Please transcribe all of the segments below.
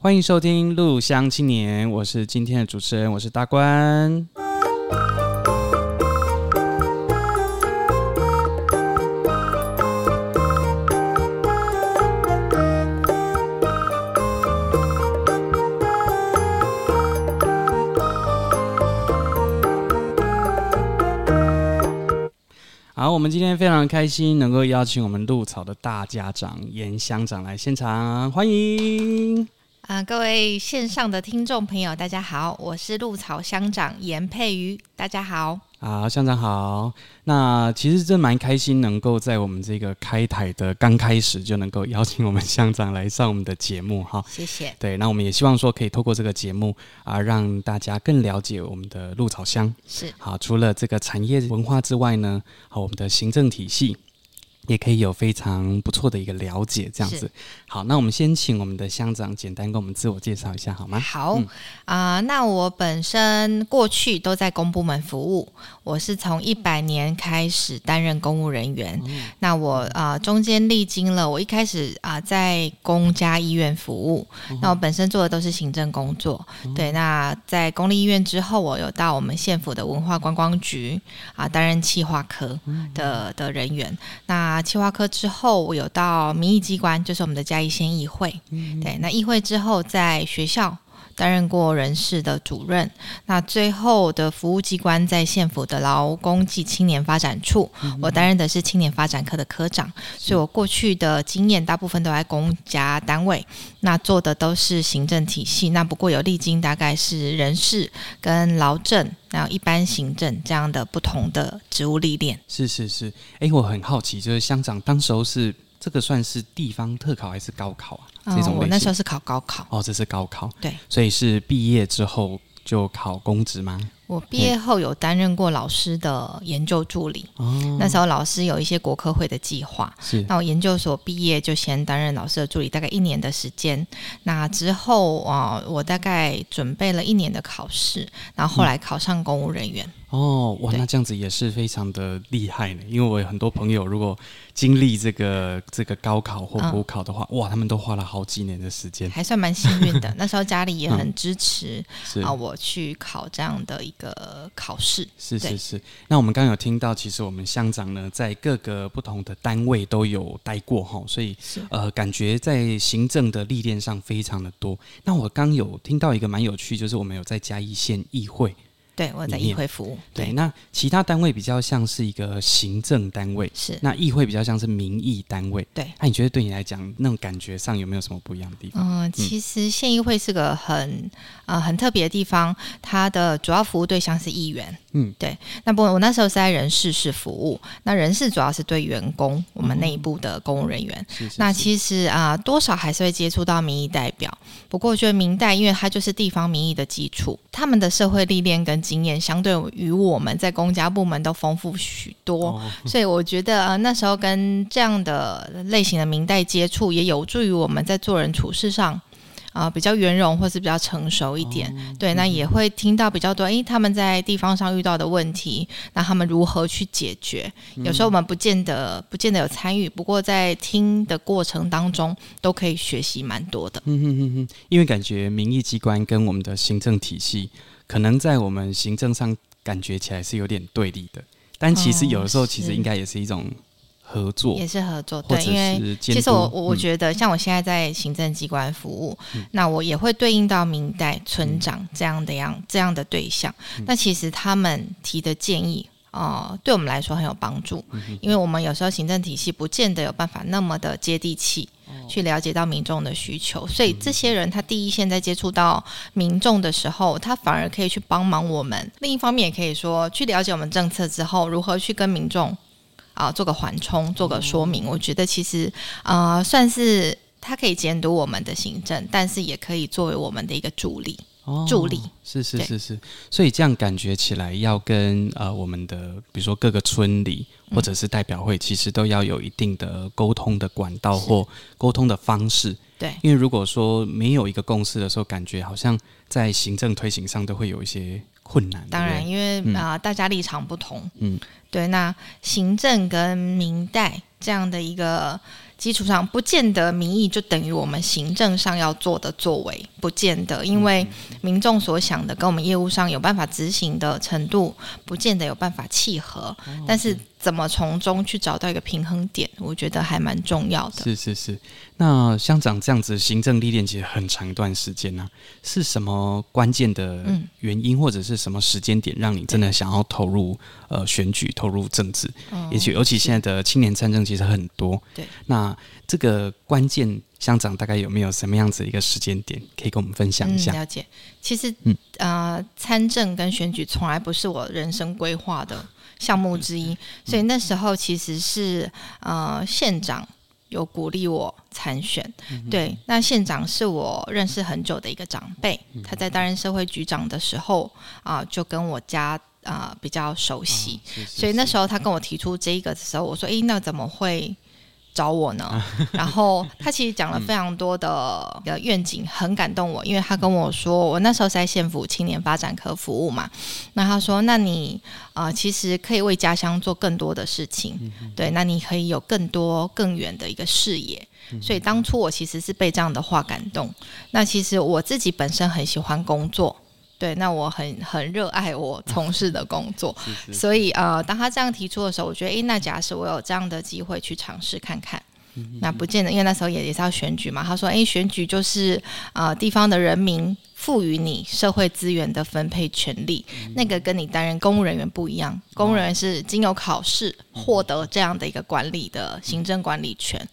歡迎收聽《鹿鄉青年》，我是今天的主持人，我是大官。好，我們今天非常開心能夠邀請我們鹿草的大家長嚴鄉長來現場，歡迎。啊，各位線上的聽眾朋友，大家好，我是鹿草鄉長嚴珮瑜，大家好，好、啊，鄉長好。那其實真蠻開心，能夠在我們這個開台的剛開始就能夠邀請我們鄉長來上我們的節目，哈、 哦，謝謝。對，那我們也希望說可以透過這個節目啊，讓大家更了解我們的鹿草鄉，是好、啊。除了這個產業文化之外呢，好、啊，我們的行政體系。也可以有非常不錯的一個了解，這樣子。是好，那我們先請我們的鄉長簡單跟我們自我介紹一下，好嗎？好啊、嗯呃，那我本身過去都在公部門服務，我是從一百年開始擔任公務人員。嗯、那我啊、呃、中間歷經了，我一開始啊、呃、在公家醫院服務，嗯、哼那我本身做的都是行政工作。嗯、哼對，那在公立醫院之後，我有到我們縣府的文化觀光局啊擔、呃、任企劃科的的人員。嗯、哼那啊，企劃科之後我有到民意機關，就是我們的嘉義縣議會。嗯嗯對，那議會之後在學校。擔任過人事的主任，那最後的服務機關在縣府的勞工暨青年發展處，我擔任的是青年發展科的科長，是所以我過去的經驗大部分都在公家單位，那做的都是行政體系，那不過有歷經大概是人事跟勞政，然後一般行政這樣的不同的職務歷練。是是是，哎、欸，我很好奇，就是鄉長當時是。這個算是地方特考還是高考啊？這種，哦，我那時候是考高考哦，這是高考，對，所以是畢業之後就考公職嗎？我畢業後有擔任過老師的研究助理，嗯哦、那時候老師有一些國科會的計劃，是那我研究所畢業就先擔任老師的助理，大概一年的時間。那之後啊、呃，我大概準備了一年的考試，然後後來考上公務人員、嗯。哦，哇，那這樣子也是非常的厲害呢。因為我有很多朋友，如果經歷這個這個高考或普考的話，嗯、哇，他們都花了好幾年的時間，還算蠻幸運的。 那時候家裡也很支持、嗯、啊，我去考這樣的。一。個考試是是是。對那我們剛有聽到，其實我們鄉長呢在各個不同的單位都有待過吼，所以是呃，感覺在行政的歷練上非常的多。那我剛有聽到一個蠻有趣，就是我們有在嘉義縣議會。對我的議會服務，對，對，對，那其他單位比較像是一個行政單位，是那議會比較像是民意單位，對那、啊、你覺得對你來講那種感覺上有沒有什麼不一樣的地方？嗯、呃，其實縣議會是個很啊、呃、很特別的地方，它的主要服務對象是議員，嗯，對。那不我那時候是在人事室服務，那人事主要是對員工，我們內部的公務人員，嗯、是是是，那其實啊、呃、多少還是會接觸到民意代表，不過我覺得民代因為他就是地方民意的基礎，他們的社會歷練跟經驗相對於我們在公家部門都豐富許多，哦、所以我覺得、呃、那時候跟這樣的類型的民代接觸，也有助於我們在做人處事上啊、呃、比較圓融，或是比較成熟一點。哦、對，那也會聽到比較多，誒、他們在地方上遇到的問題，那他們如何去解決？嗯、有時候我們不見得不見得有參與，不過在聽的過程當中，都可以學習蠻多的。嗯嗯嗯嗯，因為感覺民意機關跟我們的行政體系。可能在我們行政上感覺起來是有點對立的，但其實有的時候其實應該也是一種合作，嗯、是也是合作，對，或者是因為其實我我覺得，像我現在在行政機關服務，嗯、那我也會對應到民代村長這樣的樣、嗯、這樣的對象。嗯、那其實他們提的建議哦、呃，對我們來說很有幫助，嗯、哼因為我們有時候行政體系不見得有辦法那麼的接地氣。去了解到民眾的需求，所以這些人他第一線在接觸到民眾的時候，他反而可以去幫忙我們。另一方面也可以說，去了解我們政策之後，如何去跟民眾啊、呃、做個緩衝、做個說明。我覺得其實啊、呃，算是他可以監督我們的行政，但是也可以作為我們的一個助力。助理、哦、是是是是，對所以這樣感覺起來，要跟呃我們的比如說各個村裡或者是代表會，嗯、其實都要有一定的溝通的管道或溝通的方式。對，因為如果說沒有一個共識的時候，感覺好像在行政推行上都會有一些困難。當然，因為啊、嗯呃、大家立場不同，嗯，對，那行政跟民代這樣的一個。基礎上，不見得民意就等於我們行政上要做的作為，不見得，因為民眾所想的跟我們業務上有辦法執行的程度，不見得有辦法契合，Okay. 但是。怎麼從中去找到一個平衡點？我覺得還蠻重要的。是是是，那鄉長這樣子行政歷練其實很長一段時間呢、啊，是什麼關鍵的原因，或者是什麼時間點，讓你真的想要投入、嗯、呃選舉、投入政治？哦、也許尤其現在的青年參政其實很多。對，那這個關鍵鄉長大概有沒有什麼樣子的一個時間點可以跟我們分享一下？嗯、了解，其實嗯呃，參政跟選舉從來不是我人生規劃的。項目之一，所以那時候其實是呃縣長有鼓勵我參選，對，那縣長是我認識很久的一個長輩，他在擔任社會局長的時候啊、呃、就跟我家啊、呃、比較熟悉，所以那時候他跟我提出這個的時候，我說誒、欸、那怎麼會？找我呢， 然後他其實講了非常多的願景，很感動我，因為他跟我說，我那時候是在縣府青年發展科服務嘛，那他說，那你啊、呃，其實可以為家鄉做更多的事情， 對，那你可以有更多更遠的一個視野，所以當初我其實是被這樣的話感動。那其實我自己本身很喜歡工作。對，那我很很熱愛我從事的工作，是是是，所以呃，當他這樣提出的時候，我覺得，誒，那假使我有這樣的機會去嘗試看看，那不見得，因為那時候也也是要選舉嘛。他說，誒，選舉就是呃，地方的人民賦予你社會資源的分配權利，那個跟你擔任公務人員不一樣，公務人員是經由考試獲得這樣的一個管理的行政管理權，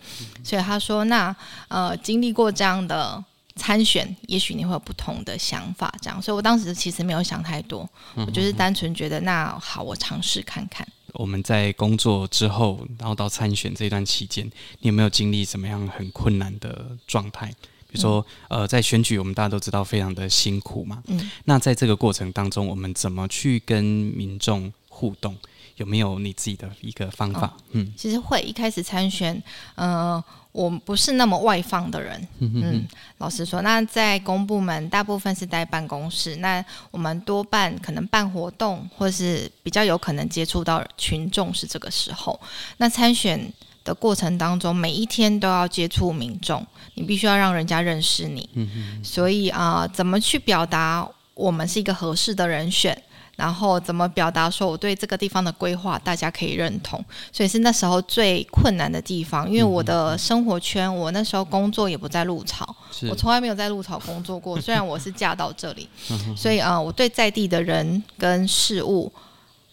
所以他說，那呃，經歷過這樣的。參選，也許你會有不同的想法，這樣。所以我當時其實沒有想太多，嗯、哼哼我就是單純覺得，那好，我嘗試看看。我們在工作之後，然後到參選這段期間，你有沒有經歷怎麼樣很困難的狀態？比如說，嗯、呃，在選舉，我們大家都知道非常的辛苦嘛。嗯。那在這個過程當中，我們怎麼去跟民眾互動？有沒有你自己的一個方法？嗯、哦，其實會一開始參選，嗯、呃，我不是那麼外放的人。嗯，哼哼嗯，老實說，那在公部門大部分是在辦公室，那我們多半可能辦活動，或是比較有可能接觸到群眾是這個時候。那參選的過程當中，每一天都要接觸民眾，你必須要讓人家認識你。嗯哼，所以啊、呃，怎麼去表達我們是一個合適的人選？然後怎麼表達說我對這個地方的規劃，大家可以認同，所以是那時候最困難的地方。因為我的生活圈，我那時候工作也不在鹿草是，我從來沒有在鹿草工作過。 雖然我是嫁到這裡，所以啊，我對在地的人跟事物，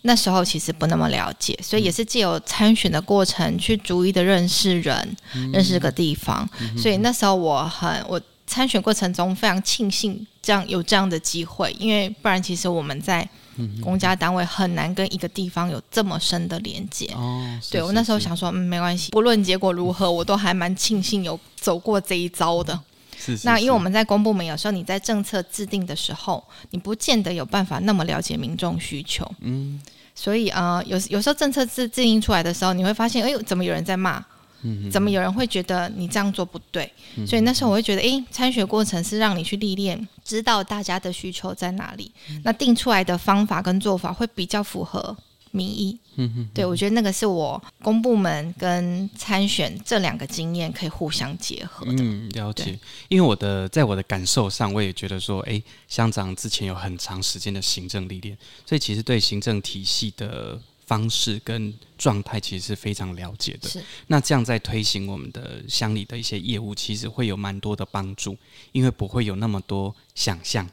那時候其實不那麼了解，所以也是借由參選的過程去逐一的認識人，嗯、認識這個地方。所以那時候我很，我參選過程中非常慶幸這樣有這樣的機會，因為不然其實我們在。公家單位很難跟一個地方有這麼深的連接。哦，是是是。對，我那時候想說，嗯、沒關係，不論結果如何，我都還蠻慶幸有走過這一遭的。嗯、是是是。那因為我們在公部門，有時候你在政策制定的時候，你不見得有辦法那麼了解民眾需求。嗯。所以啊、呃，有有時候政策制制定出來的時候，你會發現，哎、欸，怎麼有人在罵？怎麼有人會覺得你這樣做不對？嗯、哼所以那時候我會覺得，哎、欸，參選過程是讓你去歷練，知道大家的需求在哪裡，嗯、哼那定出來的方法跟做法會比較符合民意。嗯哼，對，我覺得那個是我公部門跟參選這兩個經驗可以互相結合的。嗯，了解。對因為我的在我的感受上，我也覺得說，哎、欸，鄉長之前有很長時間的行政歷練，所以其實對行政體系的。方式跟狀態其實是非常了解的，是那這樣在推行我們的鄉里的一些業務，其實會有蠻多的幫助，因為不會有那麼多想象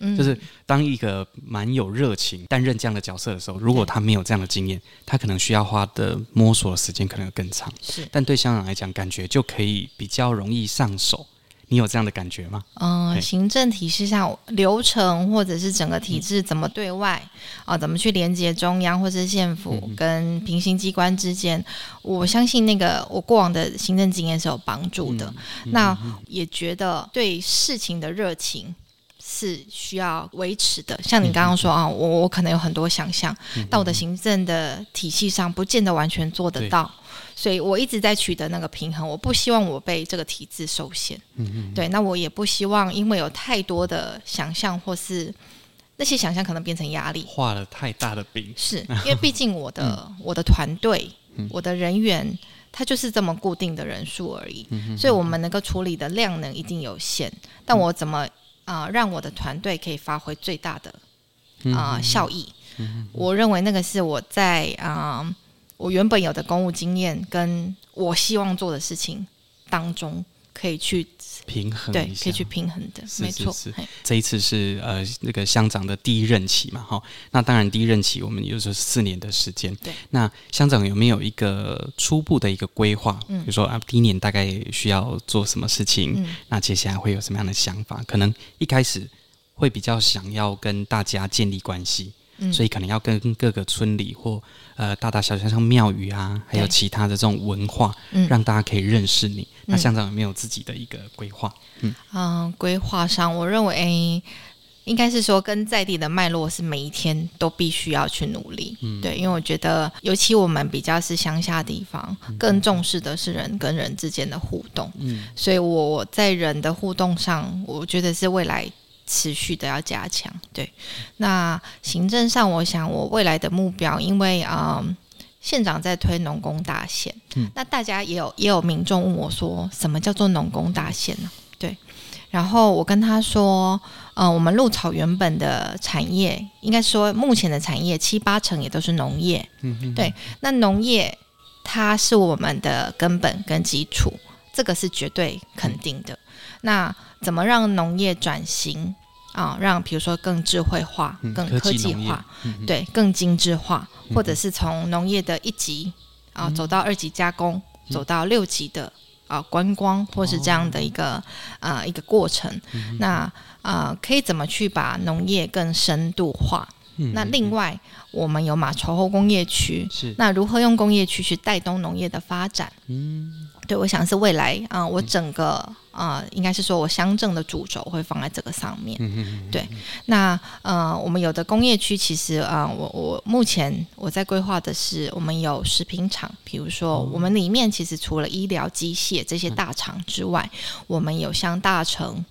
嗯、就是當一個蠻有熱情擔任這樣的角色的時候，如果他沒有這樣的經驗，嗯、他可能需要花的摸索的時間可能更長。是，但對鄉長來講，感覺就可以比較容易上手，你有這樣的感覺嗎？嗯、呃，行政體系上流程，或者是整個體制怎麼對外、嗯、啊？怎麼去連接中央或者是縣府跟平行機關之間？嗯嗯、我相信那個我過往的行政經驗是有幫助的。嗯嗯、那也覺得對事情的熱情是需要維持的。像你剛剛說、嗯、啊，我我可能有很多想象，嗯嗯、但我的行政的體系上不見得完全做得到。所以我一直在取得那個平衡，我不希望我被這個體制受限。嗯、哼對，那我也不希望因為有太多的想象，或是那些想象可能變成壓力，畫了太大的餅。是因為畢竟我的、嗯、我的團隊，嗯、我的人員，他就是這麼固定的人數而已，嗯、哼所以我們能夠處理的量能一定有限。嗯、哼但我怎麼啊、呃、讓我的團隊可以發揮最大的啊、呃嗯、哼效益？嗯、哼我認為那個是我在啊。呃嗯我原本有的公務經驗，跟我希望做的事情當中，可以去平衡，對，可以去平衡的，沒錯。這一次是呃，那、這個鄉長的第一任期嘛，哈。那當然，第一任期我們也就是四年的時間。對。那鄉長有沒有一個初步的一個規劃？嗯、比如說啊，第一年大概需要做什麼事情？嗯、那接下來會有什麼樣的想法？可能一開始會比較想要跟大家建立關係，嗯、所以可能要跟各個村里或。呃，大大小小像廟宇啊，還有其他的這種文化，嗯、讓大家可以認識你。那鄉長有沒有自己的一個規劃？嗯，啊、嗯，規劃、呃、上，我認為、欸、應該是說，跟在地的脈絡是每一天都必須要去努力。嗯，對，因為我覺得，尤其我們比較是鄉下地方，更重視的是人跟人之間的互動。嗯，所以我在人的互動上，我覺得是未來。持續的要加強，對。那行政上，我想我未來的目標，因為啊、呃，縣長在推農工大縣，嗯、那大家也有也有民眾問我說，什麼叫做農工大縣呢、啊？對。然後我跟他說，嗯、呃，我們鹿草原本的產業，應該說目前的產業七八成也都是農業，嗯哼，對。那農業它是我們的根本跟基礎，這個是絕對肯定的。嗯、那怎麼讓農業轉型啊？讓比如說更智慧化、更科技化，對，更精緻化，或者是從農業的一級啊走到二級加工，走到六級的啊觀光，或是這樣的一個啊一個過程。那啊，可以怎麼去把農業更深度化？那另外，我們有馬稠後工業區，是那如何用工業區去帶動農業的發展？對，我想是未來啊，我整個。啊、呃，應該是說我鄉鎮的主軸會放在這個上面。 對，那呃，我們有的工業區，其實啊、呃，我我目前我在規劃的是，我們有食品廠，比如說我們裡面其實除了醫療機械這些大廠之外， 我們有像大成。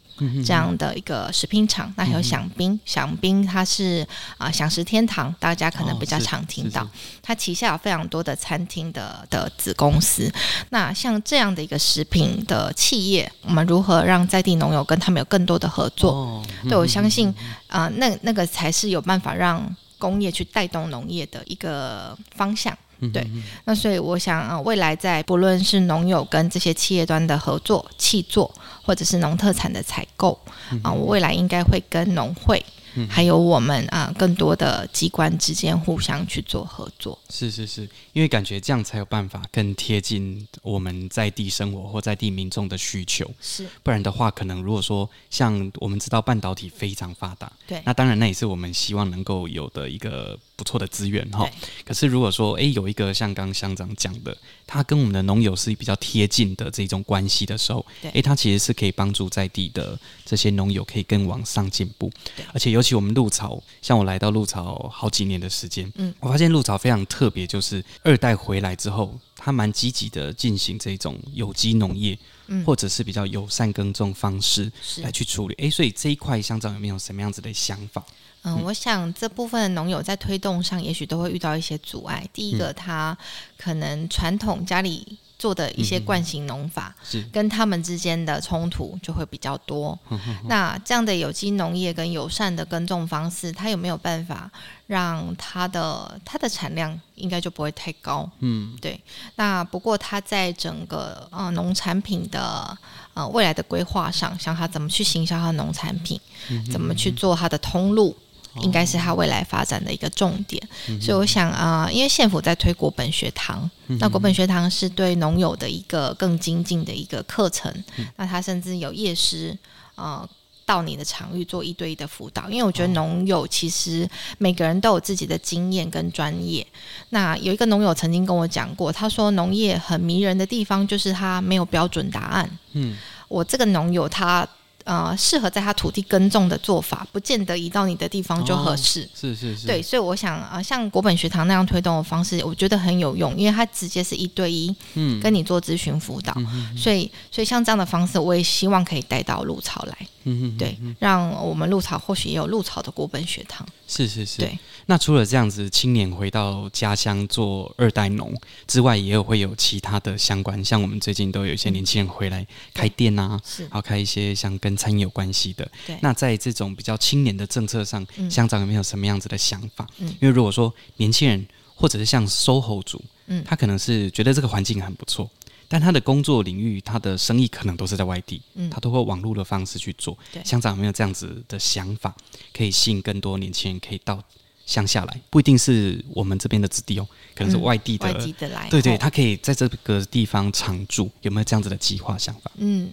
這樣的一個食品廠，那還有饗賓，饗賓它是啊、饗、呃、食天堂，大家可能比較常聽到，它、哦、旗下有非常多的餐廳的的子公司。那像這樣的一個食品的企業，我們如何讓在地農友跟他們有更多的合作？哦、嗯、對，我相信啊、呃，那那個才是有辦法讓工業去帶動農業的一個方向。嗯、哼哼對，那所以我想啊，未來在不論是農友跟這些企業端的合作、契作，或者是農特產的採購、嗯、啊，我未來應該會跟農會，嗯、哼哼還有我們啊更多的機關之間互相去做合作。是是是，因為感覺這樣才有辦法更貼近我們在地生活或在地民眾的需求。是，不然的話，可能如果說像我們知道半導體非常發達，對，那當然那也是我們希望能夠有的一個。不錯的資源哈對，可是如果說誒，有一個像剛鄉長講的，他跟我們的農友是比較貼近的這種關係的時候，對誒，他其實是可以幫助在地的這些農友可以更往上進步。對而且尤其我們鹿草，像我來到鹿草好幾年的時間，嗯，我發現鹿草非常特別，就是二代回來之後，他蠻積極地進行這種有機農業，嗯，或者是比較友善耕種方式來去處理。是誒，所以這一塊鄉長有沒有什麼樣子的想法？嗯，我想這部分的農友在推動上，也許都會遇到一些阻礙。第一個，嗯、他可能傳統家裡做的一些慣性農法，嗯、是跟他們之間的衝突就會比較多。呵呵呵那這樣的有機農業跟友善的耕種方式，他有沒有辦法讓他的它的產量應該就不會太高？嗯，對。那不過他在整個呃農產品的呃未來的規劃上，想他怎麼去行銷他的農產品，嗯哼嗯哼怎麼去做他的通路。應該是他未來發展的一個重點，嗯、哼所以我想啊、呃，因為縣府在推國本學堂，嗯、哼那國本學堂是對農友的一個更精進的一個課程，嗯、那他甚至有業師啊、呃、到你的場域做一對一的輔導，因為我覺得農友其實每個人都有自己的經驗跟專業，哦、那有一個農友曾經跟我講過，他說農業很迷人的地方就是他沒有標準答案，嗯，我這個農友他。呃，適合在他土地耕種的做法，不見得移到你的地方就合適、哦。是是是。對，所以我想啊、呃，像國本學堂那樣推動的方式，我覺得很有用，因為它直接是一對一，嗯，跟你做諮詢輔導。嗯、哼哼，所以，所以像這樣的方式，我也希望可以帶到鹿草來。嗯哼哼哼，對，讓我們鹿草或許也有鹿草的國本學堂。是是是。對，那除了這樣子青年回到家鄉做二代農之外，也有會有其他的相關，像我們最近都有一些年輕人回來開店啊，嗯、好是，然後開一些像跟餐飲有關係的，對那在這種比較青年的政策上，鄉長、嗯、有沒有什麼樣子的想法？嗯、因為如果說年輕人或者是像 SOHO 族，嗯、他可能是覺得這個環境很不錯，但他的工作領域、他的生意可能都是在外地，嗯、他通過網絡的方式去做。鄉長、嗯、有沒有這樣子的想法，對可以吸引更多年輕人可以到鄉下來？不一定是我們這邊的子弟哦、喔，可能是外地的、嗯、外地的對，對對，他可以在這個地方常住，有沒有這樣子的計劃想法？嗯。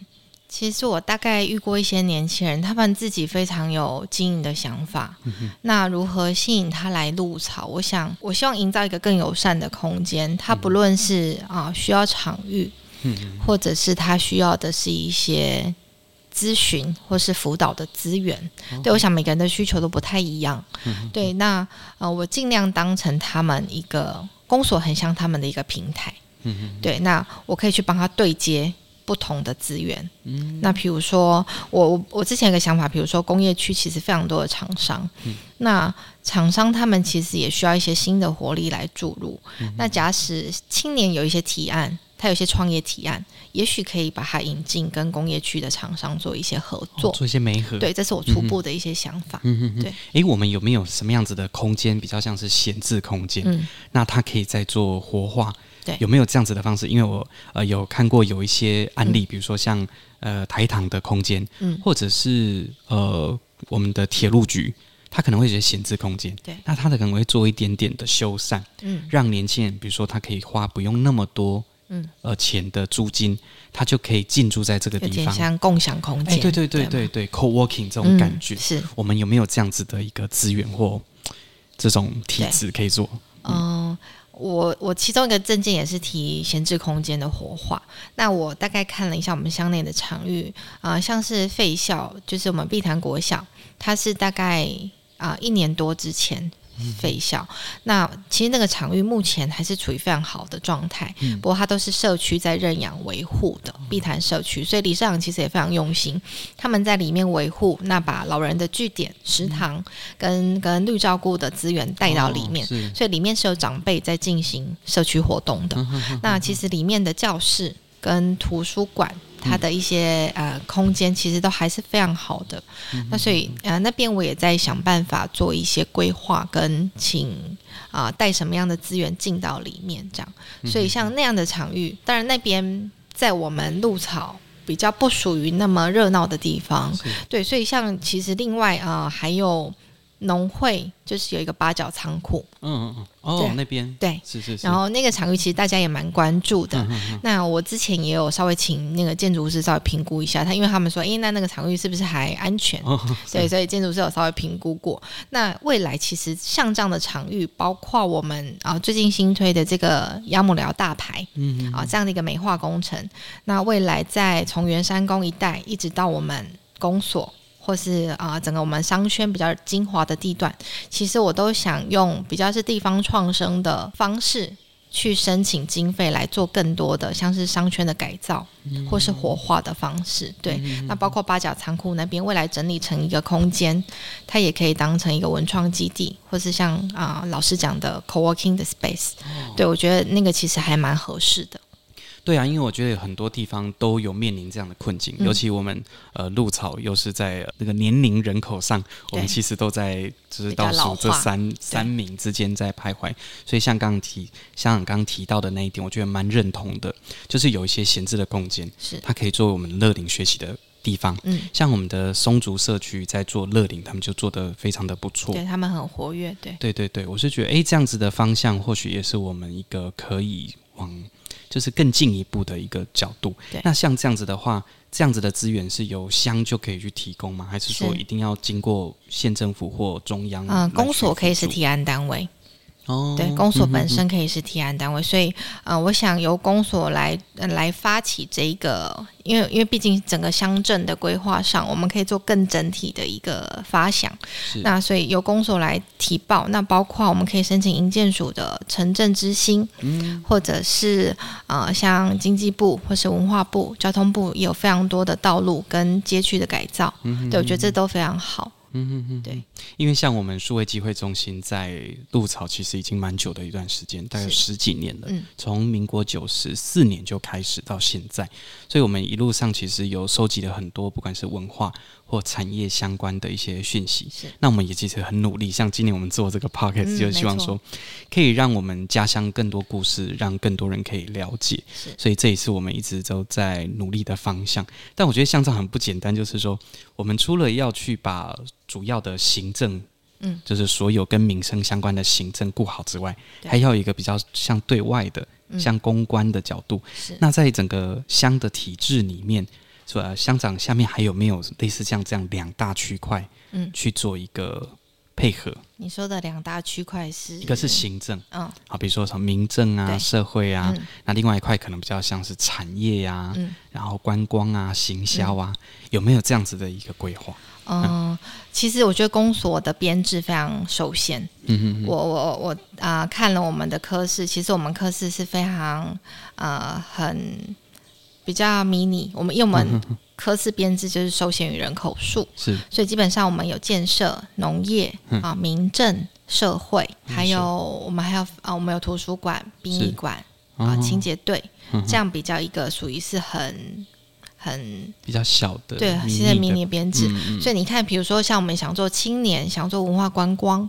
其實我大概遇過一些年輕人，他們自己非常有經營的想法。嗯、哼那如何吸引他來鹿草？我想，我希望營造一個更友善的空間。他不論是、嗯、哼啊需要場域，嗯、哼或者是他需要的是一些諮詢或是輔導的資源。嗯、哼對，我想每個人的需求都不太一樣。嗯、哼對，那啊、呃、我盡量當成他們一個公所，很像他們的一個平台。嗯哼對，那我可以去幫他對接。不同的資源，嗯、那譬如說，我我之前有個想法，比如說工業區其實非常多的廠商，嗯、那廠商他們其實也需要一些新的活力來注入。嗯、哼那假使青年有一些提案，他有一些創業提案，也許可以把它引進跟工業區的廠商做一些合作，哦、做一些媒合。對，這是我初步的一些想法。嗯嗯、對，誒、欸，我們有沒有什麼樣子的空間比較像是閒置空間？嗯，那它可以再做活化。對，有沒有這樣子的方式？因為我呃有看過有一些案例，比如說像呃台糖的空間，嗯，或者是呃我們的鐵路局，他可能會覺得閒置空間，對，那他可能會做一點點的修繕，嗯，讓年輕人，比如說他可以花不用那麼多嗯呃錢的租金，他就可以進駐在這個地方，共享空間，對對對對對，coworking 這種感覺是，我們有沒有這樣子的一個資源或這種體制可以做？嗯。我我其中一個政見，也是提閒置空間的活化，那我大概看了一下我們鄉內的場域啊、呃，像是廢校，就是我們碧潭國小，它是大概啊、呃、一年多之前。廢、嗯、校，那其實那個場域目前還是處於非常好的狀態，嗯、不過它都是社區在認養維護的、嗯、碧潭社區，所以理事長其實也非常用心，他們在裡面維護，那把老人的據點、食堂跟跟綠照顧的資源帶到裡面，嗯哦、所以裡面是有長輩在進行社區活動的。呵呵呵呵呵那其實裡面的教室跟圖書館。它的一些、嗯、呃空間其實都還是非常好的，嗯、哼那所以呃那邊我也在想辦法做一些規劃跟請啊、呃、帶什麼樣的資源進到裡面這樣，所以像那樣的場域，當然那邊在我們鹿草比較不屬於那麼熱鬧的地方，是對，所以像其實另外啊、呃、還有。農會就是有一個八角倉庫，嗯嗯嗯，哦、啊、那邊對，是是，是。然後那個場域其實大家也蠻關注的。嗯、哼哼，那我之前也有稍微請那個建築師稍微評估一下，他因為他們說，誒、哎，那那個場域是不是還安全？對、哦，所以所以建築師有稍微評估過。嗯、哼那未來其實像這樣的場域，包括我們啊最近新推的這個鴨母寮大排，嗯嗯哼，啊這樣的一個美化工程，那未來在從圓山宮一帶一直到我們公所。或是啊、呃，整個我們商圈比較精華的地段，其實我都想用比較是地方創生的方式去申請經費來做更多的像是商圈的改造、或是活化的方式。Mm hmm. 對，mm hmm. 那包括八角倉庫那邊未來整理成一個空間，它也可以當成一個文創基地，或是像啊、呃、老師講的 co-working 的 space。Oh. 對，我覺得那個其實還蠻合適的。對啊，因為我覺得很多地方都有面臨這樣的困境，嗯、尤其我們呃鹿草又是在、呃、那個年齡人口上，嗯、我們其實都在就是倒數這三三名之間在徘徊。對所以像剛剛提，像你剛，剛提到的那一點，我覺得蠻認同的，就是有一些閒置的空間，是它可以作為我們樂齡學習的地方。嗯，像我們的松竹社區在做樂齡，他們就做得非常的不錯，對他們很活躍。對，對對對，我是覺得哎，這樣子的方向或許也是我們一個可以往。就是更進一步的一個角度。對那像這樣子的話，這樣子的資源是由鄉就可以去提供嗎？還是說一定要經過縣政府或中央？嗯，公所可以是提案單位。Oh, 對，公所本身可以是提案單位，嗯嗯所以，呃，我想由公所來、呃、來發起這一個，因為因為畢竟整個鄉鎮的規劃上，我們可以做更整體的一個發想。是那所以由公所來提報，那包括我們可以申請營建署的城鎮之心，嗯，或者是啊、呃，像經濟部或是文化部、交通部也有非常多的道路跟街區的改造，嗯嗯對，我覺得這都非常好。嗯嗯嗯，對，因為像我們數位機會中心在鹿草其實已經蠻久的一段時間，是大概十幾年了，嗯，從民國九十四年就開始到現在，所以我們一路上其實有收集了很多，不管是文化、或產業相關的一些訊息，是那我們也其實很努力。像今年我們做這個 podcast 就是希望說，錯可以讓我們家鄉更多故事，讓更多人可以了解。是所以這一次我們一直都在努力的方向。但我覺得像這樣很不簡單，就是說，我們除了要去把主要的行政，嗯、就是所有跟民生相關的行政顧好之外，對還要一個比較像對外的，嗯、像公關的角度。是那在整個鄉的體制裡面。說鄉長下面還有沒有類似像這樣兩大區塊，嗯，去做一個配合？嗯、你說的兩大區塊是，一個是行政，嗯，好、啊，比如說什麼民政啊、對社會啊，嗯、那另外一塊可能比較像是產業呀、啊，嗯、然後觀光啊、行銷啊，嗯、有沒有這樣子的一個規劃？嗯，嗯其實我覺得公所的編製非常受限。嗯哼哼我我我啊、呃，看了我們的科室，其實我們科室是非常呃很。比較迷你，我們因為我們科室編制就是受限於人口數，嗯，是，所以基本上我們有建設、農業哼啊、民政、社會，嗯、還有是我們還有啊，我們有圖書館、殯儀館啊、清潔隊，嗯、哼這樣比較一個屬於是很很比較小的對，的現在迷你編制，嗯嗯所以你看，比如說像我們想做青年，想做文化觀光。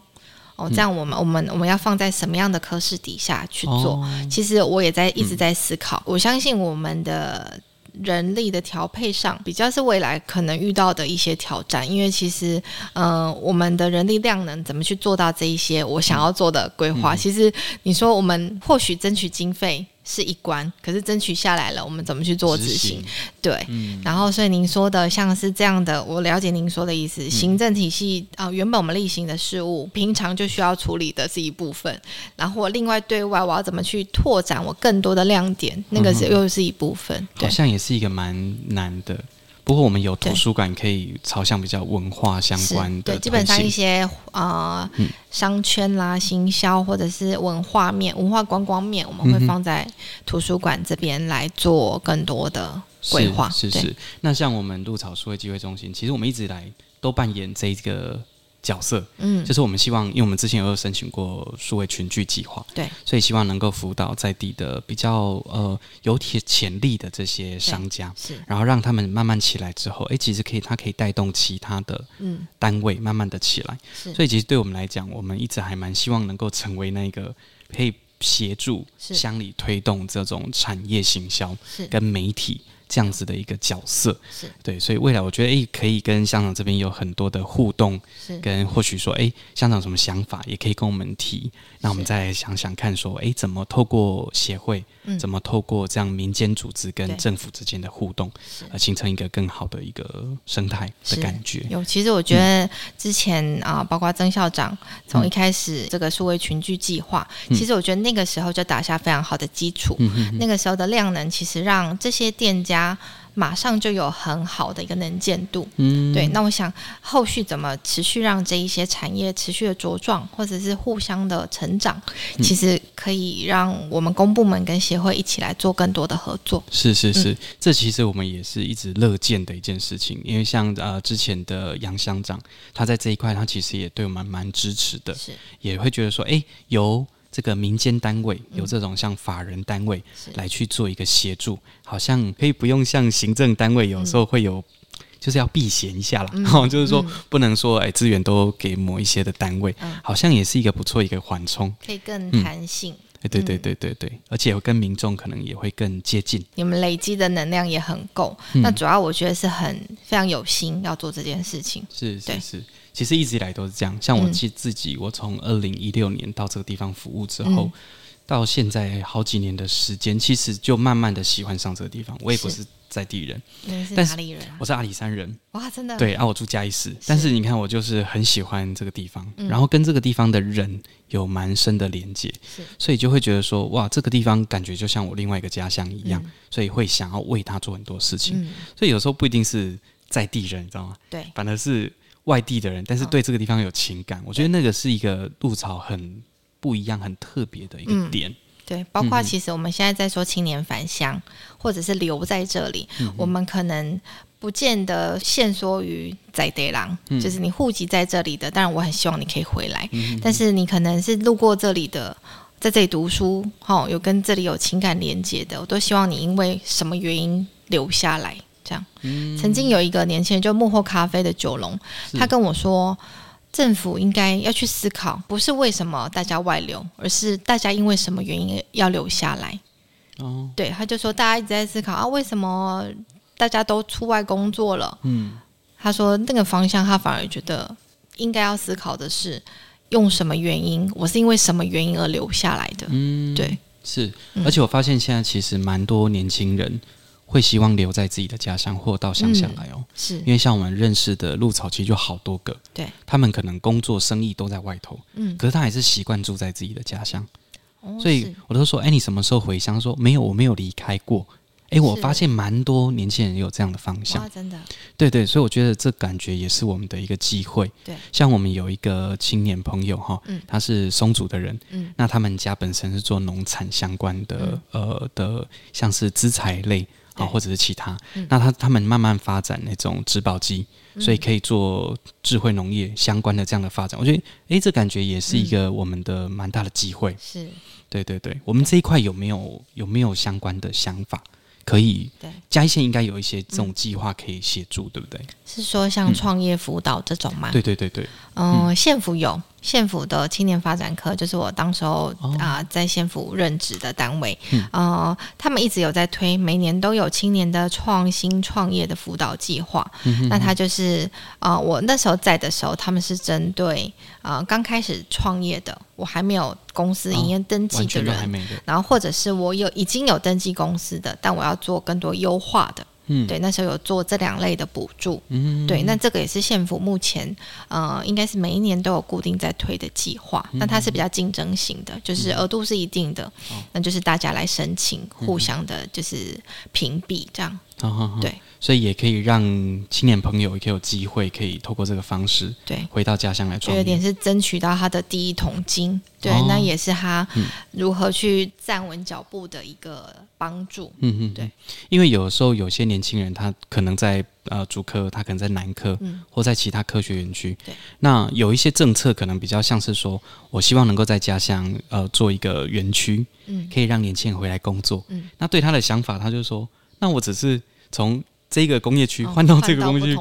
哦，這樣我們、嗯、我們我們要放在什麼樣的科室底下去做？哦、其實我也在一直在思考。嗯、我相信我們的人力的調配上，比較是未來可能遇到的一些挑戰。因為其實，嗯、呃，我們的人力量能怎麼去做到這一些我想要做的規劃？嗯嗯、其實你說我們或許爭取經費。是一關，可是爭取下來了，我們怎麼去做執行？行。對，嗯、然後所以您說的像是這樣的，我了解您說的意思。嗯、行政體系啊、呃，原本我們例行的事務，平常就需要處理的是一部分，然後我另外對外我要怎麼去拓展我更多的亮點？那個是又是一部分，嗯、哼對好像也是一個蠻難的。不過我們有圖書館，可以朝向比較文化相關的，基本上一些啊、呃嗯、商圈啦、啊、行銷或者是文化面、文化觀光面，我們會放在圖書館這邊來做更多的規劃。是是，是是對那像我們鹿草數位機會中心，其實我們一直來都扮演這一個。角色，嗯，就是我們希望，因為我們之前也有，有申請過數位群聚計劃，對，所以希望能夠輔導在地的比較呃有潛潛力的這些商家，是，然後讓他們慢慢起來之後，誒、欸，其實可以，他可以帶動其他的嗯單位慢慢的起來，嗯、是，所以其實對我們來講，我們一直還蠻希望能夠成為那個可以協助鄉里推動這種產業行銷，是，跟媒體。這樣子的一個角色，是對，所以未來我覺得，哎、欸，可以跟鄉長這邊有很多的互動，是跟或許說，哎、欸，鄉長有什麼想法，也可以跟我們提，那我們再來想想看，說，哎是、欸，怎麼透過協會。怎麼透過這樣民間組織跟政府之間的互動，而、嗯呃、形成一個更好的一個生態的感覺？有，其實我覺得之前、嗯、啊，包括曾校長從一開始這個數位群聚計劃，嗯、其實我覺得那個時候就打下非常好的基礎。嗯、哼哼哼那個時候的量能，其實讓這些店家。馬上就有很好的一個能見度，嗯，對。那我想後續怎麼持續讓這一些產業持續的茁壯，或者是互相的成長，嗯、其實可以讓我們公部門跟協會一起來做更多的合作。是是是，嗯、這其實我們也是一直樂見的一件事情。因為像呃之前的楊鄉長，他在這一塊他其實也對我們蠻支持的，是也會覺得說，哎、欸，有。這個民間單位有這種像法人單位來去做一個協助，好像可以不用像行政單位有時候會有，就是要避嫌一下啦。哦，就是說不能說哎，資源都給某一些的單位，好像也是一個不錯一個緩衝，可以更彈性。哎，對對對對對，而且跟民眾可能也會更接近。你們累積的能量也很夠，那主要我覺得是很非常有心要做這件事情。是，是，是。其實一直以來都是這樣。像我自自己，我從二零一六年到這個地方服務之後，到現在好幾年的時間，其實就慢慢的喜歡上這個地方。我也不是在地人，你是哪裡人？我是阿里山人。哇，真的？對啊，我住嘉義市。但是你看，我就是很喜歡這個地方，然後跟這個地方的人有蠻深的連接，所以就會覺得說，哇，這個地方感覺就像我另外一個家鄉一樣，所以會想要為他做很多事情。所以有時候不一定是在地人，你知道嗎？對，反而是。外地的人，但是對這個地方有情感，哦、我覺得那個是一個入潮很不一樣，很特別的一個點，嗯。對，包括其實我們現在在說青年返鄉，或者是留在這裡，嗯、哼我們可能不見得限縮於在地郎，嗯、就是你戶籍在這裡的。當然，我很希望你可以回來，嗯、哼但是你可能是路過這裡的，在這裡讀書，齁，有跟這裡有情感連接的，我都希望你因為什麼原因留下來。這樣，嗯、曾經有一個年輕人，就幕後咖啡的九龍，是他跟我說，政府應該要去思考，不是為什麼大家外流，而是大家因為什麼原因要留下來。哦，對，他就說大家一直在思考啊，為什麼大家都出外工作了？嗯，他說那個方向，他反而覺得應該要思考的是，用什麼原因，我是因為什麼原因而留下來的？嗯，對，是，嗯、而且我發現現在其實蠻多年輕人。會希望留在自己的家鄉或到鄉下來哦，是因為像我們認識的鹿草其實就好多個，對，他們可能工作生意都在外頭，嗯，可是他還是習慣住在自己的家鄉，所以我都說，哎，你什麼時候回鄉？說沒有，我沒有離開過。哎，我發現蠻多年輕人有這樣的方向，真的，對對，所以我覺得這感覺也是我們的一個機會。對，像我們有一個青年朋友哈，嗯，他是松竹的人，嗯，那他們家本身是做農產相關的，呃的，像是資材類。啊，對或者是其他，嗯、那他他們慢慢發展那種植保機，嗯、所以可以做智慧農業相關的這樣的發展。我覺得，誒、欸，這感覺也是一個我們的蠻大的機會、嗯。是，對對對，我們這一塊有沒有對有沒有相關的想法可以？對，嘉義縣應該有一些這種計劃可以協助、嗯、助，對不對？是說像創業輔導這種嗎、嗯？對對對對，嗯，縣府、呃、有。縣府的青年發展科就是我當時候啊、oh. 呃、在縣府任職的單位，嗯、呃，他們一直有在推，每年都有青年的創新創業的輔導計劃。嗯、哼哼，那他就是啊、呃，我那時候在的時候，他們是針對啊剛、呃、開始創業的，我還沒有公司營業、oh. 登記的人，的，然後或者是我有已經有登記公司的，但我要做更多優化的。嗯、對，那時候有做這兩類的補助，嗯，嗯，對，那這個也是縣府目前，呃，應該是每一年都有固定在推的計劃，嗯嗯，那它是比較競爭型的，就是額度是一定的，嗯、那就是大家來申請，互相的就是評比這樣，嗯嗯對。所以也可以讓青年朋友也可以有機會，可以透過這個方式，對，回到家鄉來做。有點是爭取到他的第一桶金，對，哦、那也是他如何去站穩腳步的一個幫助。嗯嗯哼，對，因為有時候有些年輕人他可能在呃竹科，他可能在南科，嗯，或在其他科學園區。對，那有一些政策可能比較像是說，我希望能夠在家鄉呃做一個園區，嗯，可以讓年輕人回來工作。嗯，那對他的想法，他就說，那我只是從這個工業區換、嗯、到這個工業，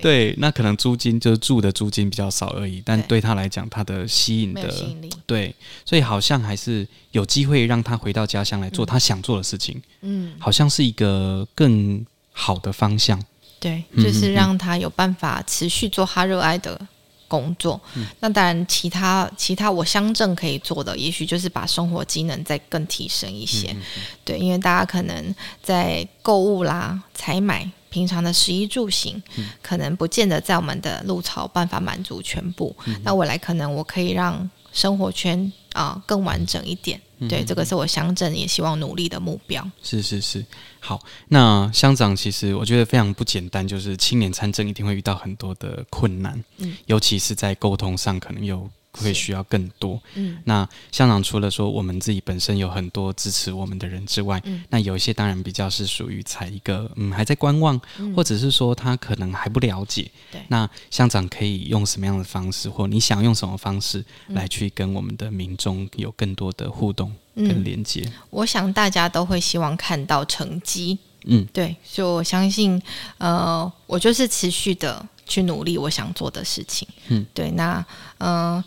對，那可能租金就是住的租金比較少而已，嗯，但對他來講，他的吸引的對，吸引對，所以好像還是有機會讓他回到家鄉來做他想做的事情，嗯，嗯好像是一個更好的方向，對，就是讓他有辦法持續做他熱愛的。嗯嗯工作，嗯、那當然其，其他其他我鄉鎮可以做的，也許就是把生活機能再更提升一些。嗯嗯對，因為大家可能在購物啦、採買平常的食衣住行，嗯、可能不見得在我們的鹿草辦法滿足全部。嗯嗯那未來可能我可以讓生活圈，啊、哦，更完整一點，嗯、對，這個是我鄉鎮也希望努力的目標。是是是，好，那鄉長其實我覺得非常不簡單，就是青年參政一定會遇到很多的困難，嗯、尤其是在溝通上可能有。會需要更多。嗯，那鄉長除了說我們自己本身有很多支持我們的人之外，嗯、那有一些當然比較是屬於在一個嗯還在觀望，嗯、或者是說他可能還不了解。對，那鄉長可以用什麼樣的方式，或你想用什麼方式來去跟我們的民眾有更多的互動跟連接，嗯？我想大家都會希望看到成績。嗯，對，所以我相信，呃，我就是持續的去努力我想做的事情。嗯，對，那嗯。呃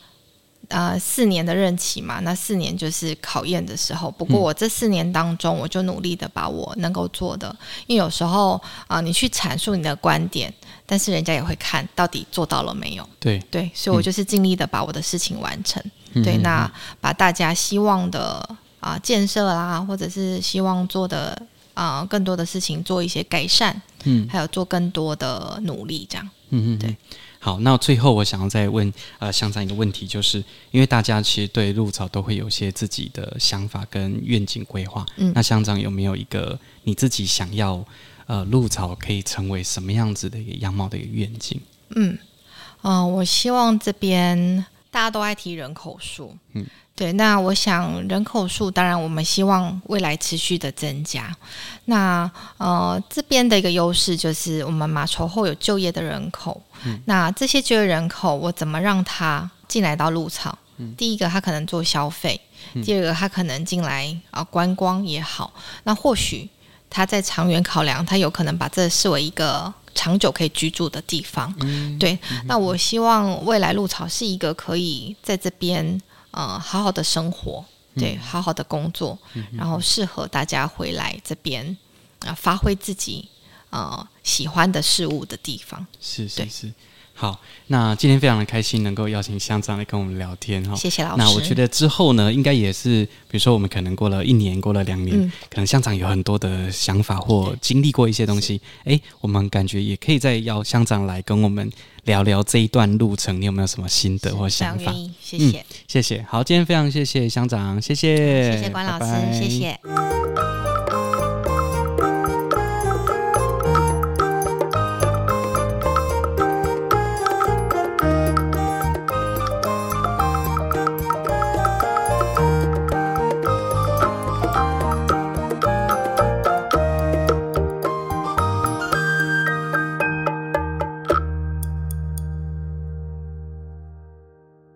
啊、呃，四年的任期嘛，那四年就是考驗的時候。不過我這四年當中，我就努力的把我能夠做的，因為有時候啊、呃，你去闡述你的觀點，但是人家也會看到底做到了沒有。對對，所以我就是盡力的把我的事情完成。嗯、對，那把大家希望的啊、呃、建設啦，或者是希望做的啊、呃、更多的事情做一些改善，嗯，還有做更多的努力，這樣。嗯嗯，對。好，那最後我想要再問呃鄉長一個問題，就是因為大家其實對鹿草都會有些自己的想法跟願景規劃，嗯，那鄉長有沒有一個你自己想要呃鹿草可以成為什麼樣子的一個樣貌的一個願景？嗯，啊、呃，我希望這邊大家都愛提人口數，嗯。對，那我想人口數當然我們希望未來持續的增加。那呃，這邊的一個優勢就是我們馬稠後有就業的人口。嗯、那這些就業人口，我怎麼讓他進來到鹿草？嗯、第一個，他可能做消費；嗯、第二個，他可能進來啊、呃、觀光也好。那或許他在長遠考量，他有可能把這視為一個長久可以居住的地方。嗯、對，嗯、哼那我希望未來鹿草是一個可以在這邊。呃，好好的生活，嗯、對，好好的工作，嗯、哼然後適合大家回來這邊啊、呃，發揮自己啊、呃、喜歡的事物的地方，是是是。對。好，那今天非常的開心能夠邀請鄉長來跟我們聊天哈。謝謝老師。那我覺得之後呢，應該也是，比如說我們可能過了一年，過了兩年，嗯、可能鄉長有很多的想法或經歷過一些東西，哎、欸，我們感覺也可以再邀鄉長來跟我們聊聊這一段路程，你有沒有什麼心得或想法？謝謝、嗯，謝謝。好，今天非常謝謝鄉長，謝謝，謝謝關老師，拜拜謝謝。